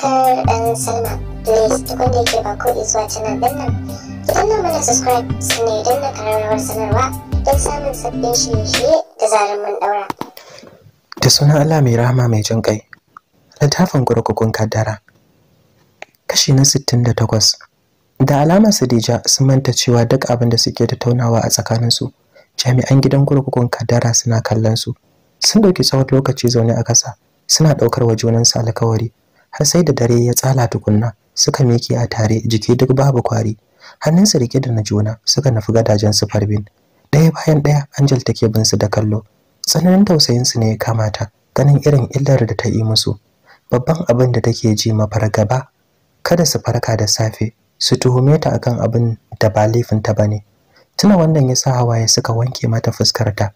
subscribe and sign up. Please tukun da yake ba ko zuwa canal din nan. Ki danna mana subscribe sannan idan na kararrawar sanarwa don samun sabbin shirye-shirye da zarar mun daura. Da sunan Allah mai rahama mai jin kai. Littafin gurgurkun kaddara. Kashi na 68. Da alamar Sadija sun manta cewa duk abin da suke tattaunawa a tsakaninsu jami'an gidan gurgurkun kaddara suna kallon su. Sun ɗauki tsawon lokaci zaune a kasa, suna ɗaukar wa junansu alkawari har sai da dare ya tsala tukunna suka miƙe a tare jiki duk babu kwari hannunsu rike da na juna suka nufi gadajen su farbin ɗaya bayan ɗaya angel take bin su da kallo tsananin tausayinsu ne ya kamata ganin irin illar da ta yi musu babban abin da take ji fargaba kada su farka da safe su tuhume ta akan abin da ba laifinta ba ne tuna wannan ya sa hawaye suka wanke mata fuskarta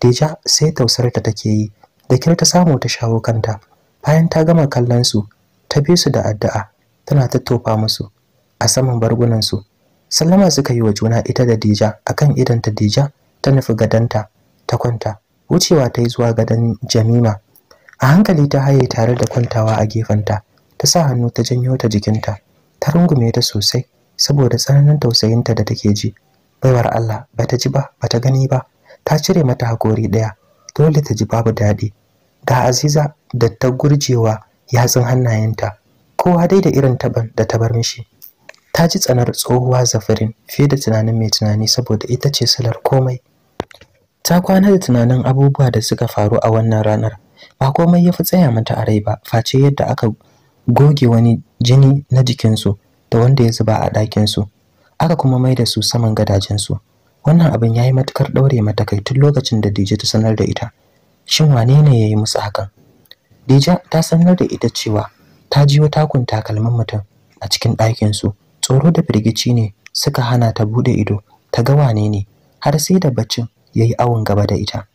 deja sai tausarta take yi da ta samu ta shawo kanta bayan ta gama kallon su ta bi su da addu'a tana tattofa musu a saman bargunan su sallama suka yi wa juna ita da Dija akan idan ta Dija ta nufi gadanta ta kwanta wucewa ta yi zuwa gadon Jamima a hankali ta haye tare da kwantawa a gefenta ta sa hannu ta janyo ta jikinta ta rungume ta sosai saboda tsananin tausayinta da take ji baiwar Allah bata ji ba ba ta gani ba ta cire mata hakori ɗaya, dole ta ji babu daɗi. ga Aziza da ta gurjewa yatsun hannayenta kowa dai da irin taban da ta bar mishi ta ji tsanar tsohuwa zafirin fiye da tunanin mai tunani saboda ita ce silar komai ta kwana da tunanin abubuwa da suka faru a wannan ranar ba komai ya fi tsaya mata a rai ba face yadda aka goge wani jini na jikinsu da wanda ya zuba a ɗakinsu aka kuma mai da su saman gadajensu wannan abin ya yi matukar ɗaure mata kai tun lokacin da dije ta sanar da ita shin wane ne ya yi musu hakan Dija ta sanar da ita cewa ta ji wata kunta takalmin mutum a cikin ɗakin su. Tsoro da firgici ne suka hana ta bude ido ta ga wane ne har sai da baccin yayi awon gaba da ita.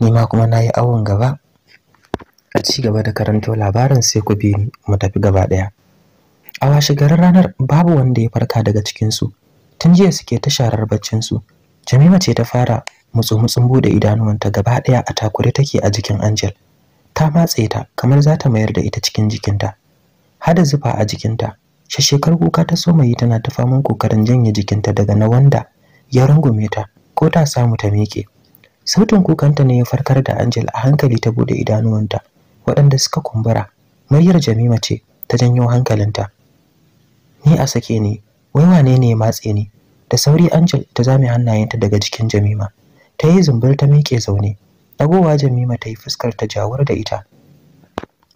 Ni ma kuma yi awon gaba. A ci gaba da karanto labarin sai ku bi mu tafi gaba ɗaya. A washegarin ranar babu wanda ya farka daga cikinsu. Tun jiya suke ta sharar baccinsu. Jamima ce ta fara mutsu-mutsun bude idanuwanta gaba ɗaya a takure take a jikin Angel. ta matse ta kamar za ta mayar da ita cikin jikinta hada zufa a jikinta shashekar kuka ta soma yi tana ta faman kokarin janye jikinta daga na wanda ya rungume ta ko ta samu ta miƙe sautin kukanta ne ya farkar da Angel a hankali ta bude idanuwanta waɗanda suka kumbura muryar Jamima ce ta janyo hankalinta ni a sake ni wai wane ne ya matse ni da sauri Angel ta zame hannayenta daga jikin Jamima ta yi zumbur ta miƙe zaune Dagowa Jamima ta yi fuskar ta jawar da ita.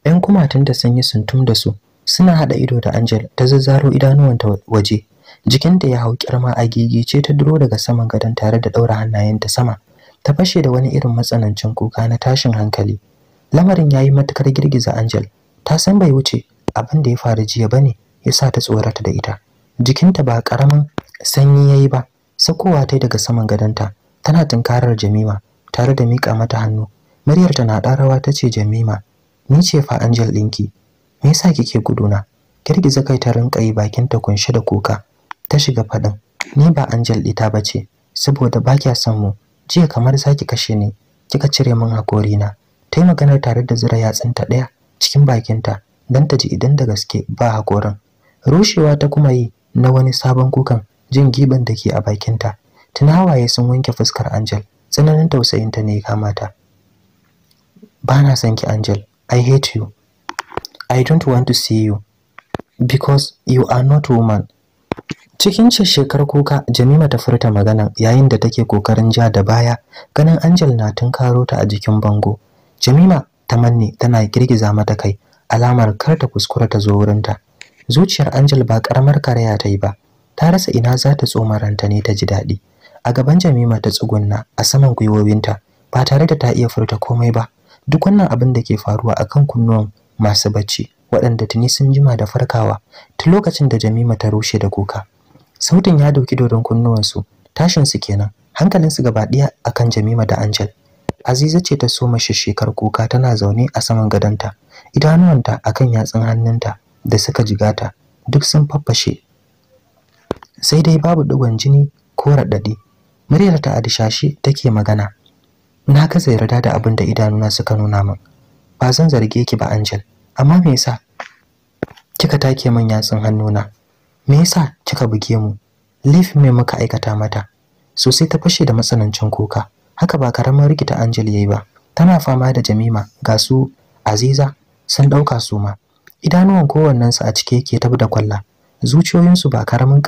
‘Yan kumatunta sun yi suntum da su, suna haɗa ido da Angel ta zazzaro idanuwanta waje. Jikinta ya hau kirma a gigice ta duro daga saman gadon tare da ɗaura hannayenta sama. Ta fashe da wani irin matsanancin kuka na tashin hankali. Lamarin ya yi matukar girgiza Angel. Ta san bai wuce abin da ya faru jiya ba ne ya sa ta tsorata da ita. Jikinta ba ƙaramin sanyi ya yi ba, sakowa ta daga saman gadonta tana tunkarar Jamima tare da mika mata hannu muryar ta na ɗarawa ta ce jamima ni ce fa angel ɗinki me yasa kike guduna girgiza kai ta rinka yi bakin ta kunshe da kuka ta shiga faɗin ni ba angel ɗita ba ce saboda ba kya son mu jiya kamar zaki kashe ni kika cire min na. ta yi maganar tare da zura yatsunta ɗaya cikin bakinta don ta ji idan da gaske ba hakorin rushewa ta kuma yi na wani sabon kukan jin giban da ke a bakinta tuna hawaye sun wanke fuskar angel tsananin tausayinta ne ya kamata ba na son ki angel i hate you i don't want to see you because you are not woman cikin shekar kuka jamima ta furta magana yayin da take kokarin ja da baya ganin angel na karo ta a jikin bango jamima ta manne tana girgiza mata kai alamar kar ta kuskura ta zo wurinta zuciyar angel ba karamar karaya ta yi ba ta rasa ina za ta tsoma ranta ne ta ji daɗi a gaban Jamima ta tsugunna a saman gwiwowinta ba tare da ta iya furta komai ba duk wannan abin da ke faruwa akan kunnuwan masu bacci waɗanda tuni sun jima da farkawa ta lokacin da Jamima ta rushe da kuka sautin ya dauki dodon kunnuwansu tashin su kenan hankalinsu gaba ɗaya akan Jamima da Angel Aziza ce ta so soma shekar kuka tana zaune a saman gadonta idanuwanta akan yatsun hannunta da suka jigata duk sun faffashe sai dai babu digon jini ko raɗaɗi muryar ta adishashi take magana na gaza yarda da abin da idanuna suka nuna min ba zan zarge ki ba Angel amma me yasa kika take min yatsun hannuna me yasa kika buge mu laifin me muka aikata mata Sosai ta fashe da matsanancin kuka haka ba karaman rikita Angel yayi ba tana fama da Jamima ga su Aziza sun dauka su ma idanuwan kowannen a cike yake tabu da kwalla zuciyoyinsu ba karamin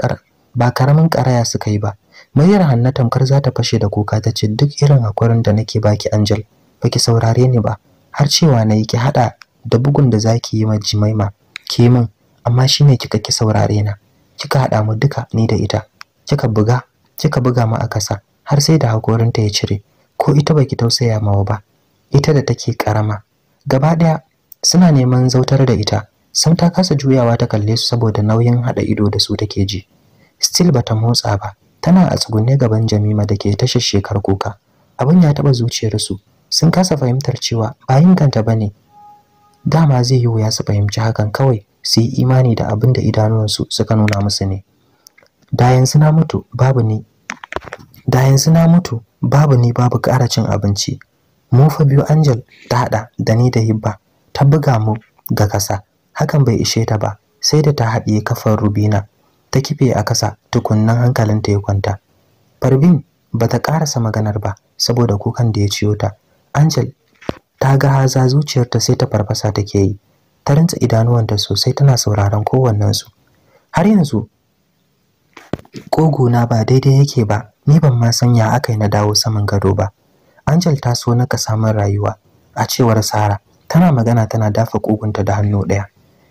ba karamin karaya suka yi ba Mayar hannu tamkar za ta fashe da kuka ta ce duk irin hakurin da nake baki Angel baki saurare ni ba har cewa na yi ki hada da bugun da zaki yi ma Jimaima ke min amma shi shine kika ki saurare na kika hada mu duka ni da ita kika buga kika buga mu a kasa har sai da ta ya cire ko ita baki tausaya mawa ba ita da take karama gaba daya suna neman zautar da ita sam ta kasa juyawa ta kalle su saboda nauyin hada ido da su take ji still bata motsa ba tana a tsugunne gaban Jamima da ke tashar shekar kuka abin ya taba su sun kasa fahimtar cewa ba inganta bane dama zai yi wuya su fahimci hakan kawai su yi imani da abin da idanuwansu suka nuna musu ne da yanzu na mutu babu ni da mutu babu ni babu ƙara cin abinci mu fa biyu Angel ta hada da ni da Hibba ta buga mu ga kasa hakan bai ishe ta ba sai da ta haɗiye kafar Rubina ta kife a kasa tukunnan hankalinta ya kwanta farbin ba ta karasa maganar ba saboda kukan da ya ciyo ta angel ta ga haza zuciyarta sai ta farfasa take yi ta rintsa idanuwanta sosai tana sauraron kowannensu har yanzu na ba daidai yake ba ni ban ma san ya aka yi na dawo saman gado ba angel ta so na samun rayuwa a cewar sara tana magana tana dafa kogunta da hannu ɗaya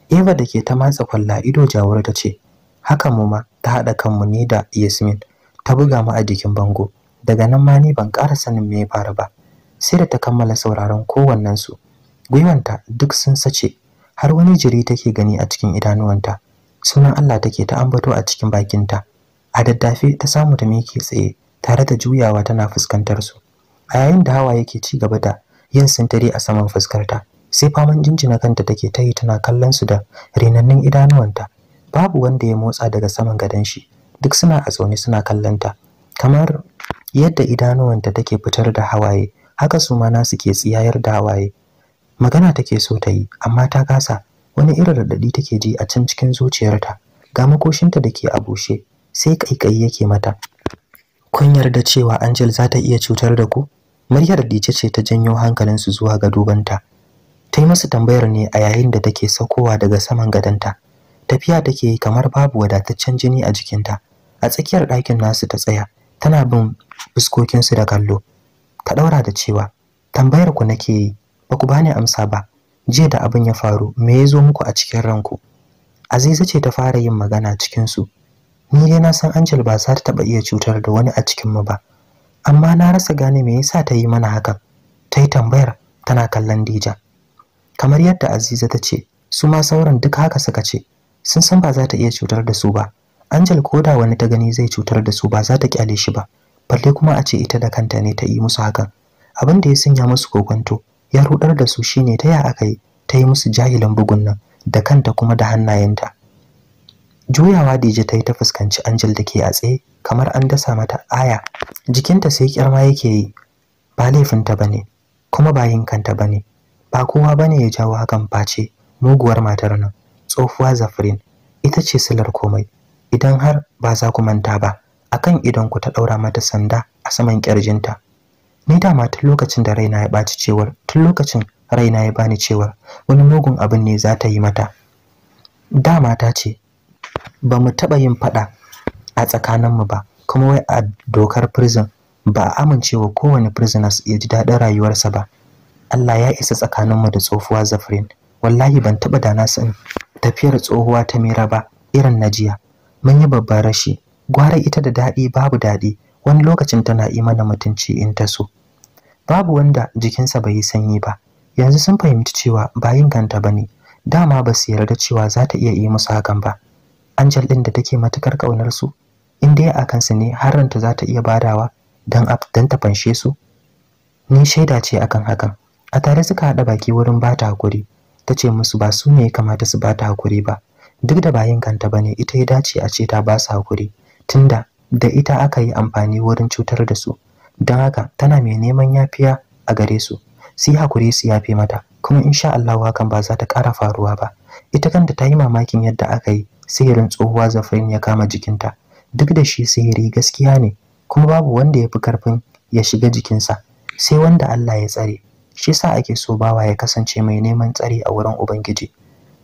eva da ke ta matsa kwalla ido jawar ta ce haka mu ma ta haɗa kanmu ni da yasmin ta buga mu a jikin bango daga nan ma ni ban ƙara sanin me ya faru ba sai da ta kammala sauraron su gwiwanta duk sun sace har wani jiri take gani a cikin idanuwanta sunan Allah take ta ambato a cikin bakinta a daddafe ta samu ta miƙe tsaye tare da juyawa tana fuskantar su a yayin da hawa yake ci gaba da yin sintiri a saman fuskarta sai faman jinjina kanta take ta yi tana kallon su da rinannun idanuwanta babu wanda ya motsa daga saman gadon shi duk suna a tsaune suna kallonta. kamar yadda idanuwanta take fitar da hawaye haka su ma nasu ke tsiyayar da hawaye magana take so ta yi amma ta kasa wani irin radadi take ji a can cikin zuciyarta ga makoshinta da ke a bushe sai ƙaiƙayi yake mata kun yarda cewa Angel za ta iya cutar da ku Muryar Dice ce ta janyo su zuwa ga dubanta ta yi masa tambayar ne a yayin da take saukowa daga saman gadanta tafiya take yi kamar babu wadataccen jini a jikinta a tsakiyar ɗakin nasu ta tsaya tana bin fuskokinsu da kallo ta ɗaura da cewa tambayar ku nake yi ba ku bani amsa ba jiya da abin ya faru me ya zo muku a cikin ranku aziza ce ta fara yin magana cikinsu ni dai na san angel ba za ta taɓa iya cutar da wani a cikinmu ba amma na rasa gane me yasa ta yi mana hakan ta yi tambayar tana kallon dija kamar yadda aziza ta ce su ma sauran duk haka suka ce sun san ba za ta iya cutar da su ba Angel da wani ta gani zai cutar da su ba za ta kyale shi ba balle kuma a ce ita da kanta ne ta yi musu hakan abin da ya sanya musu kokonto ya rudar da su shine ta ya aka yi ta yi musu jahilan bugun nan da kanta kuma da hannayenta juyawa dije ta yi ta fuskanci Angel da ke a tsaye kamar an dasa mata aya jikinta sai kyarma yake yi ba laifinta ba ne kuma ba yin kanta ba ne ba kowa ba ne ya jawo hakan face muguwar matar nan tsohuwa zafirin ita ce silar komai idan har ba za ku manta ba akan idan ku ta ɗaura mata sanda a saman ƙirjinta. ni dama tun lokacin da raina ya ɓaci cewar tun lokacin raina ya bani cewar wani mugun abin ne za ta yi mata dama ta ce ba mu taɓa yin faɗa a tsakaninmu ba kuma wai a dokar prison ba a amincewa kowane prisoners ya ji daɗin rayuwarsa ba Allah ya isa tsakaninmu da tsofuwa Zafrin wallahi ban taɓa da na san tafiyar tsohuwa ta mira ba irin na jiya mun yi babban rashi gwara ita da daɗi babu daɗi wani lokacin tana yi mana mutunci in ta so babu wanda jikinsa bai yi sanyi ba yanzu sun fahimci cewa ba yin kanta ba ne dama ba su yarda cewa za ta iya yi musu hakan ba angel ɗin da take matukar ƙaunar su in dai a kansu ne haranta za ta iya badawa don ta fanshe su ni shaida ce akan hakan a tare suka haɗa baki wurin bata hakuri ta ce musu ba su ne ya kamata su ba ta hakuri ba duk da bayan kanta ba ne ita ya dace a ce ta ba su hakuri tunda da ita aka yi amfani wurin cutar da su don haka tana mai neman yafiya a gare su su yi hakuri su yafe mata kuma insha Allah hakan ba za ta ƙara faruwa ba ita kanta ta yi mamakin yadda aka yi sihirin tsohuwa zafin ya kama jikinta duk da shi sihiri gaskiya ne kuma babu wanda ya fi karfin ya shiga jikinsa sai wanda Allah ya tsare shi yasa ake so bawa ya kasance mai neman tsari a wurin ubangiji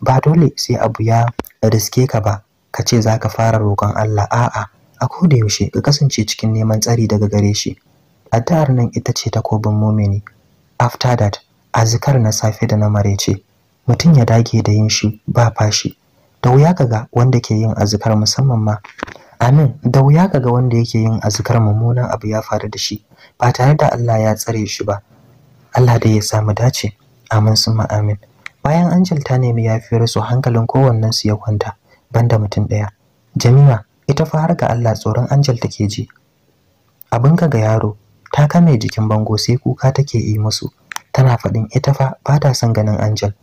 ba dole sai abu ya riske ka ba ka ce za ka fara roƙon Allah a'a a koda yaushe ka kasance cikin neman tsari daga gare shi addu'ar nan ita ce ta kobin mumini after that azkar na safe da na marece mutum ya dage da yin shi ba fashi da wuya kaga wanda ke yin azkar musamman ma amin da wuya kaga wanda yake yin azkar mummunan abu ya faru da shi ba tare da Allah ya tsare shi ba Allah dai ya samu dace amin summa amin bayan Angel ta nemi yafiyar su hankalin kowannen su ya kwanta banda mutum daya Jami'a ita fa har ga Allah tsoron Angel take ji abin ka ga yaro ta kame jikin bango sai kuka take yi musu tana faɗin ita fa ba ta son ganin Angel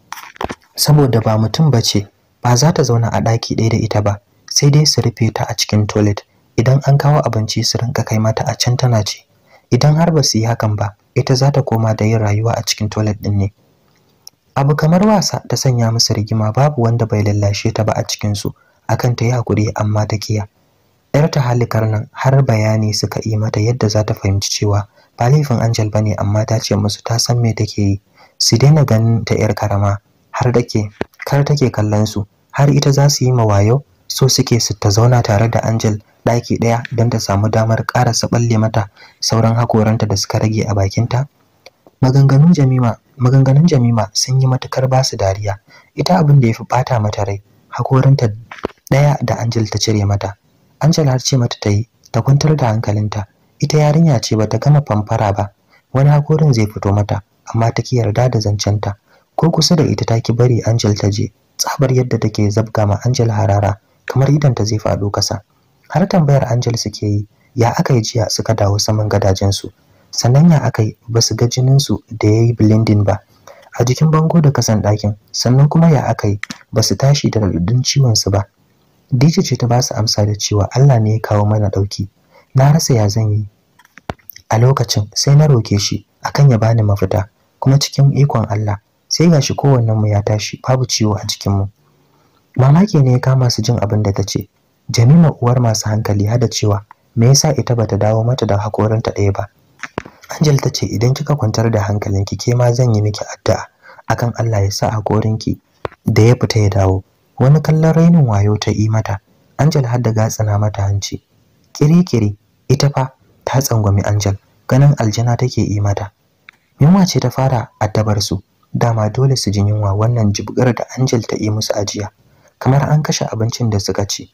saboda ba mutum bace ba za ta zauna a daki ɗaya da ita ba sai dai su rufe ta a cikin toilet idan an kawo abinci su rinka kai mata a can tana ci idan har ba su yi hakan ba ita za ta koma da yin rayuwa a cikin toilet ɗin ne abu kamar wasa ta sanya musu rigima babu wanda bai lallashe ta ba a cikin su akan ta yi hakuri amma ta kiya yar ta halikar nan har bayani suka yi mata yadda za ta fahimci cewa ba laifin angel ba ne amma ta ce musu ta san me take yi su daina ganin ta yar karama har dake kar take kallon su har ita za su yi mawayo, so suke su ta zauna tare da angel ɗaki ɗaya don ta samu damar karasa saɓalle mata sauran hakoranta da suka rage a bakinta? Maganganun Jamima, maganganun Jamima sun yi matukar basu dariya. Ita abin da ya fi ɓata mata rai, hakoranta ɗaya da Angel ta cire mata. Angel har ce mata ta yi, ta kwantar da hankalinta. Ita yarinya ce bata gama famfara ba, wani hakorin zai fito mata, amma ta ki yarda da zancenta. Ko kusa da ita ta ki bari Angel ta je, tsabar yadda take zabga ma Angel harara, kamar idan ta zai faɗo kasa. har tambayar Angel suke yi ya aka yi jiya suka dawo saman gadajensu sannan ya aka yi ba su ga jininsu da ya yi blending ba a jikin bango da kasan ɗakin sannan kuma ya aka yi ba su tashi da raɗaɗin ciwonsu ba DJ ce ta ba su amsa da cewa Allah ne ya kawo mana ɗauki na rasa ya zan yi a lokacin sai na roke shi akan ya bani mafita kuma cikin ikon Allah sai gashi kowannen mu ya tashi babu ciwo a jikinmu mamaki ne ya kama su jin abin da ta ce Jamima uwar masu hankali hada cewa me yasa ita bata dawo mata da hakorinta ɗaya ba. Angel ta ce idan kika kwantar da hankalinki ke ma zan yi miki addu'a akan Allah ya sa hakorinki da ya fita ya dawo. Wani kallon rainin wayo ta yi mata. Angel har da gatsina mata hanci. Kirikiri ita fa ta tsangwami Angel ganin aljana take yi mata. Yunwa ce ta fara addabar su. Dama dole su ji yunwa wannan jibgar da Angel ta yi musu ajiya. Kamar an kashe abincin da suka ci.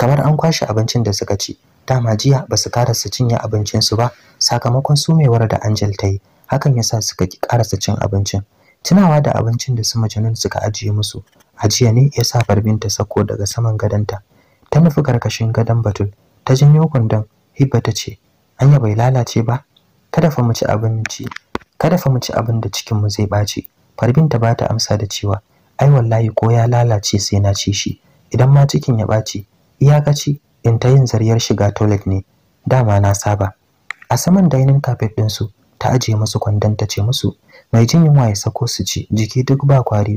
kamar an kwashe abincin da suka ci dama jiya ba su karasa cinye abincin su ba sakamakon sumewar da Angel ta yi hakan yasa suka ki karasa cin abincin tunawa da abincin da su majanun suka ajiye musu ajiya ne yasa barbin ta sako daga saman gadonta ta nufi karkashin gadon batul ta janyo kwandon hibba ta ce anya bai lalace ba kada fa mu ci abinci kada fa mu ci abin da cikin mu zai ɓaci farbin ta bata amsa da cewa ai wallahi ko ya lalace sai na ci shi idan ma cikin ya ɓaci iyakaci in ta yin zariyar shiga toilet ne dama na saba a saman dining carpet ɗinsu ta ajiye musu kwandon ta ce musu mai jin yunwa ya sako su ci jiki duk ba kwari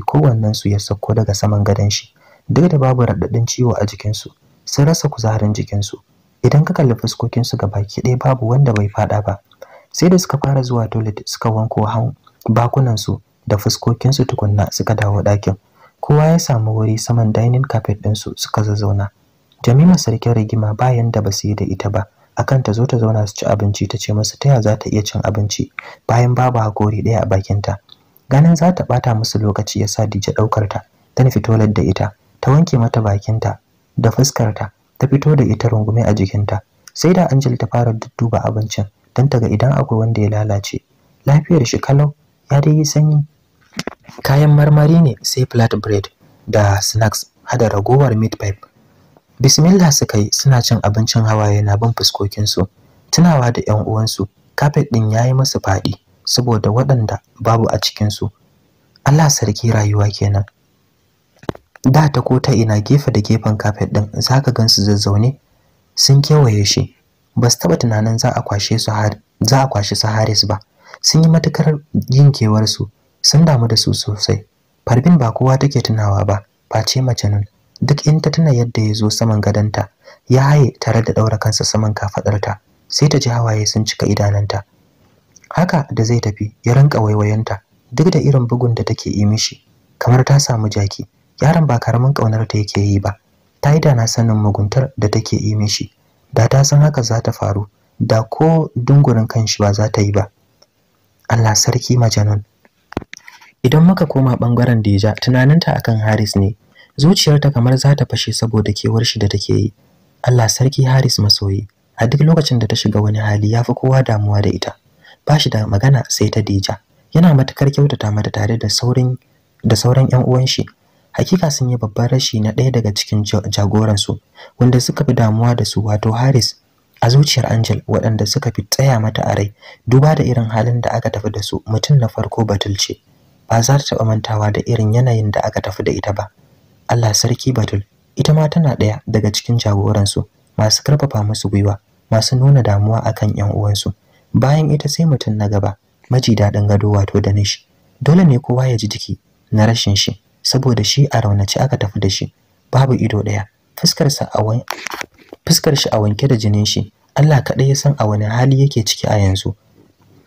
su ya sako daga saman gadon shi duk da babu raɗaɗin ciwo a jikinsu sun rasa kuzarin jikinsu idan ka kalli fuskokin su gaba baki ɗaya babu wanda bai faɗa ba sai da suka fara zuwa toilet suka wanko han su, da fuskokinsu tukunna suka dawo ɗakin kowa ya samu wuri saman dining carpet ɗinsu suka zazzauna jamima sarkin rigima bayan da basu yi da ita ba akan ta zo ta zauna su ci abinci ta ce musu taya za ta iya cin abinci bayan babu hakori ɗaya a bakinta ganin za ta ɓata musu lokaci ya sa Dija ɗaukar ta ta nufi tolar da ita ta wanke mata bakinta da fuskarta ta fito da ita rungume a jikinta sai da Angel ta fara dudduba abincin don ta ga idan akwai wanda ya lalace lafiyar shi kalau ya dai sanyi kayan marmari ne sai flat bread da snacks hada ragowar meat pipe bismillah suka yi suna cin abincin hawaye na bin fuskokinsu tunawa da yan uwansu kafet ɗin ya yi musu faɗi saboda waɗanda babu a cikinsu Allah sarki rayuwa kenan da ta ko ta ina gefe da gefen kafet din zaka gansu zazzaune sun kewaye shi ba su taba tunanin za a kwashe su har za a kwashe su Haris ba sun yi matukar yin kewar su sun damu da su sosai farbin ba kowa take tunawa ba face mace nan duk in ta tuna yadda ya zo saman gadonta ya haye tare da ɗaura kansa saman kafaɗarta sai ta ji hawaye sun cika idananta haka da zai tafi ya rinka waiwayonta duk da irin bugun da take yi mishi kamar ta samu jaki yaron ba karamin ƙaunar ta yake yi ba ta yi da sanin muguntar da take yi mishi da ta san haka za ta faru da ko dungurin kanshi ba za ta yi ba Allah sarki majanun idan muka koma bangaren Deja tunaninta akan Haris ne zuciyarta kamar za ta fashe saboda kewar shi da take yi Allah sarki Haris masoyi a duk lokacin da ta shiga wani hali yafi kowa damuwa da ita ba shi da magana sai ta Dija yana matakar kyautata mata tare da saurin da sauran ƴan uwan shi hakika sun yi babban rashi na ɗaya daga cikin jagoransu wanda suka fi damuwa da su wato Haris a zuciyar Angel waɗanda suka fi tsaya mata a rai duba da irin halin da aka tafi da su mutum na farko batulce ba za ta taɓa mantawa da irin yanayin da aka tafi da ita ba Allah sarki Batul ita ma tana ɗaya daga cikin jagoransu masu karfafa musu gwiwa masu nuna damuwa akan yan uwansu bayan ita sai mutum na gaba maji daɗin gado wato da nishi dole ne kowa ya ji jiki na rashin shi saboda shi a raunace aka tafi da shi babu ido ɗaya sa a wani fuskar shi a wanke da jinin shi Allah kaɗai ya san a wani hali yake ciki a yanzu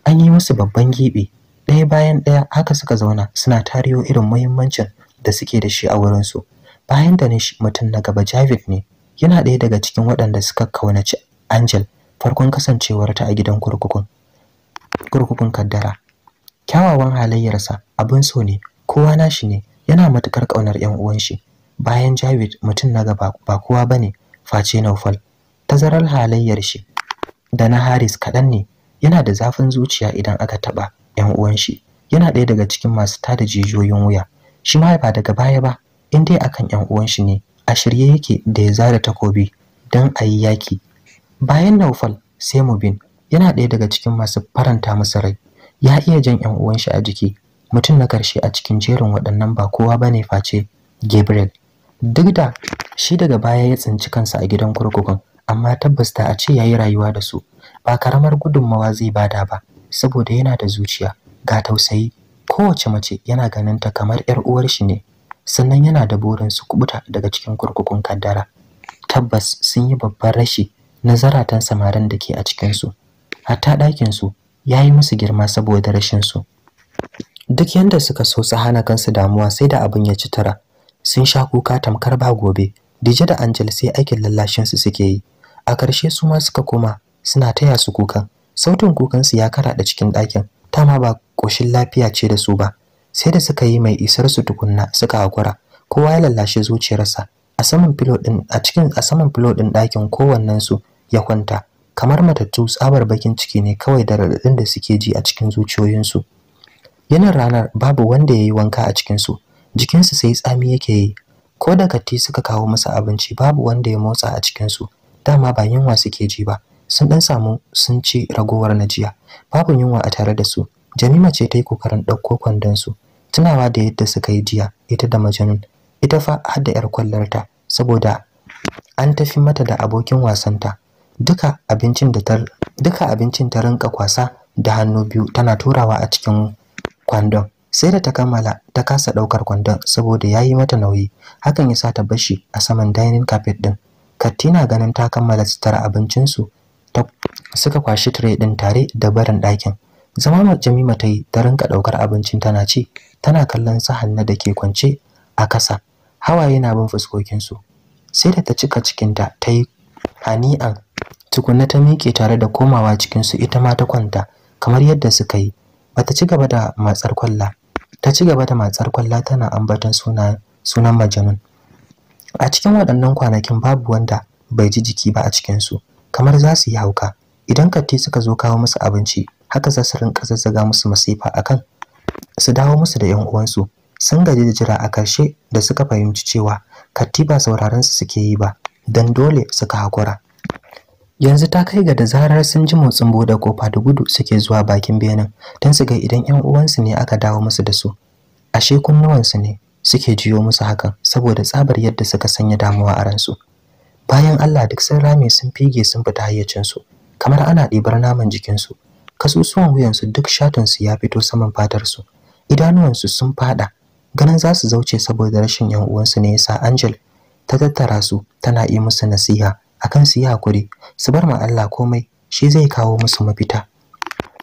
an yi musu babban giɓi ɗaya bayan ɗaya haka suka zauna suna tariyo irin muhimmancin da suke da shi a wurinsu bayan da ne mutum na gaba Javid ne yana ɗaya daga cikin waɗanda suka kaunaci Angel farkon kasancewarta a gidan kurkukun kurkukun kaddara kyawawan halayyarsa abin so ne kowa nashi ne yana matukar ƙaunar yan uwan shi bayan Javid mutum na gaba ba kowa bane face Naufal tazarar halayyar shi da na Haris kaɗan ne yana da zafin zuciya idan aka taɓa yan uwan shi yana ɗaya daga cikin masu tada jijiyoyin wuya shi ma ba daga baya ba in dai akan yan uwan shi ne a shirye yake da ya zara takobi don a yi yaki bayan naufal sai mu bin, yana ɗaya daga cikin masu faranta masa rai ya iya jan yan uwan shi a jiki mutum na karshe a cikin jerin waɗannan ba kowa ba ne face gabriel duk da shi daga baya ya tsinci kansa a gidan kurkukun amma tabbas da a ce ya yi rayuwa da su ba karamar gudunmawa zai bada ba saboda yana da zuciya ga tausayi kowace mace yana ganin ta kamar ‘yar uwar shi ne sannan yana da burin su kubuta daga cikin kurkukun kaddara tabbas sun yi babban rashi na zaratan samarin da ke a cikin su hatta ɗakinsu ya yi musu girma saboda rashin su duk yanda suka so su hana kansu damuwa sai da abin ya ci tara sun sha kuka tamkar ba gobe dije da angel sai aikin lallashin su suke yi a ƙarshe su ma suka koma suna taya su kukan sautin kukansu ya karaɗa cikin ɗakin dama ba ƙoshin lafiya ce da su ba sai da suka yi mai isar su tukunna suka hakura kowa ya lallashe zuciyarsa a saman filo din a cikin a saman filo din ɗakin kowannen su ya kwanta kamar matattu tsabar bakin ciki ne kawai da radadin da suke ji a cikin zuciyoyinsu yanar ranar babu wanda ya yi wanka a cikinsu jikinsu sai tsami yake yi ko da katti suka kawo masa abinci babu wanda ya motsa a cikinsu dama ba yunwa suke ji ba sun dan samu sun ci ragowar najiya babu yunwa a tare da su jamima ce ta yi kokarin ɗauko kwandon su tunawa da yadda suka yi jiya ita da majanun ita fa har da 'yar kwallarta saboda an tafi mata da abokin wasanta duka abincin da ta duka abincin ta rinka kwasa da hannu biyu tana turawa a cikin kwandon sai da ta kammala ta kasa ɗaukar kwandon saboda yayi mata nauyi hakan ya sa ta bashi a saman dining carpet din Katina ganin ta kammala sitar abincin su suka kwashi tire din tare da barin ɗakin zama jamima ta yi ta rinka ɗaukar abincin tana ci tana kallon sahan hanna da ke kwance a kasa hawaye na bin fuskokinsu sai da ta cika cikinta ta yi hani'an tukunna ta miƙe tare da komawa cikinsu ita ma ta kwanta kamar yadda suka yi bata ci gaba da matsar kwalla ta ci gaba da matsar kwalla tana ambaton suna sunan majanun a cikin waɗannan kwanakin babu wanda bai ji jiki ba a cikinsu kamar za su yi hauka idan katti suka zo kawo musu abinci haka za su rinka zazzaga musu masifa akan su dawo musu da yan uwansu sun gaji da jira a karshe da suka fahimci cewa katti ba sauraron su suke yi ba dan dole suka hakura yanzu ta kai ga da zarar sun ji motsin bude kofa da gudu suke zuwa bakin benin don su ga idan yan uwansu ne aka dawo musu da su ashe kunnuwansu ne suke jiyo musu hakan saboda tsabar yadda suka sanya damuwa a ransu bayan Allah duk sun rame sun fige sun fita hayyacinsu kamar ana ɗibar naman jikinsu kasusuwan wuyansu duk shatunsu ya fito saman fatarsu idanuwansu sun fada ganin za su zauce saboda rashin yan uwansu ne yasa Angel ta tattara su tana yi musu nasiha akan su yi hakuri su bar ma Allah komai shi zai kawo musu mafita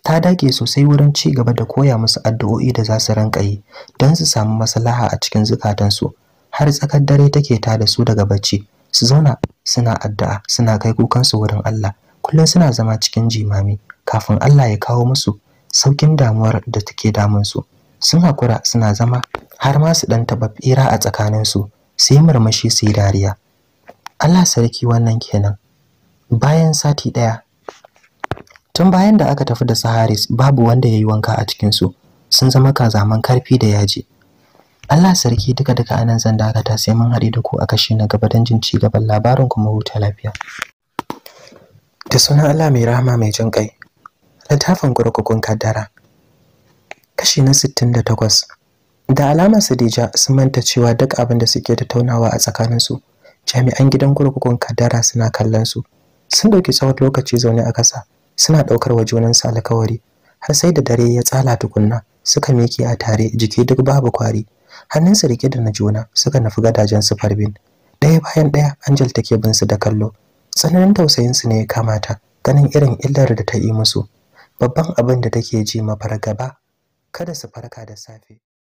ta dage sosai wurin ci gaba da koya musu addu'o'i da za su ranka yi don su samu maslaha a cikin zukatansu har tsakar dare take ta da su daga bacci su zauna suna addu'a suna kai kukansu wurin Allah kullum suna zama cikin jimami kafin Allah ya kawo musu saukin damuwar da take damun su sun hakura suna zama har ma su dan taba fira a tsakaninsu su yi murmushi su yi dariya Allah sarki wannan kenan bayan sati daya tun bayan da aka tafi da Saharis babu wanda yayi wanka a cikinsu sun zama kazaman karfi da yaji Allah sarki duka duka anan zan dakata sai mun hade da ku a kashi na gaba don jin ci gaban labarin kuma huta lafiya. Da sunan Allah mai rahama mai jin kai. Littafin kurkukun kaddara. Kashi na 68. Da alamar Sadija sun manta cewa duk abin da suke taunawa a tsakanin su jami'an gidan kurkukun kaddara suna kallon su. Sun dauki tsawon lokaci zaune a kasa, suna daukar wa junansu alkawari, har sai da dare ya tsala tukunna, suka miki a tare jiki duk babu kwari. hannunsu rike da na juna suka nufi gadajen su farbin ɗaya bayan ɗaya angel take bin su da kallo tsananin tausayinsu ne ya kamata ganin irin illar da ta yi musu babban abin da take ji mafargaba kada su farka da safe